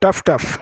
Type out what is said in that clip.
tough tough